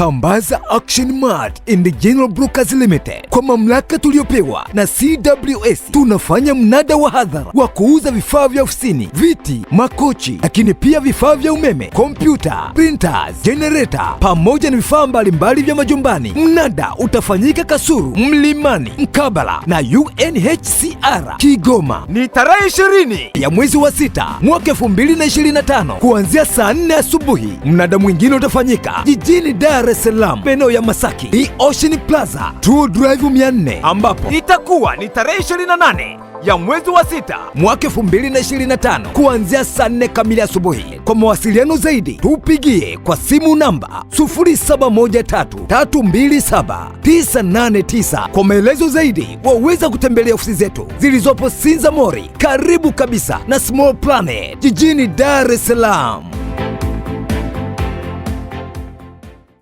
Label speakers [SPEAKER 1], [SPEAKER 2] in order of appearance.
[SPEAKER 1] tambaza Action Mart and General Brokers Limited kwa mamlaka tuliyopewa na CWS. Tunafanya mnada wa hadhara wa kuuza vifaa vya ofisini, viti, makochi, lakini pia vifaa vya umeme, kompyuta, printers, generator pamoja na vifaa mbalimbali vya majumbani. Mnada utafanyika kasuru Mlimani mkabala na UNHCR Kigoma.
[SPEAKER 2] Ni tarehe ishirini
[SPEAKER 1] ya mwezi wa sita mwaka tano kuanzia saa 4 asubuhi. Mnada mwingine utafanyika jijini Dar Dar es Salaam, maeneo ya Masaki ni Ocean Plaza True Drive 400,
[SPEAKER 2] ambapo itakuwa ni tarehe 28 ya mwezi wa sita mwaka tano kuanzia saa nne kamili asubuhi. Kwa mawasiliano zaidi tupigie kwa simu namba 0713327989. Kwa maelezo zaidi waweza kutembelea ofisi zetu zilizopo Sinza Mori karibu kabisa na Small Planet jijini Dar es Salaam.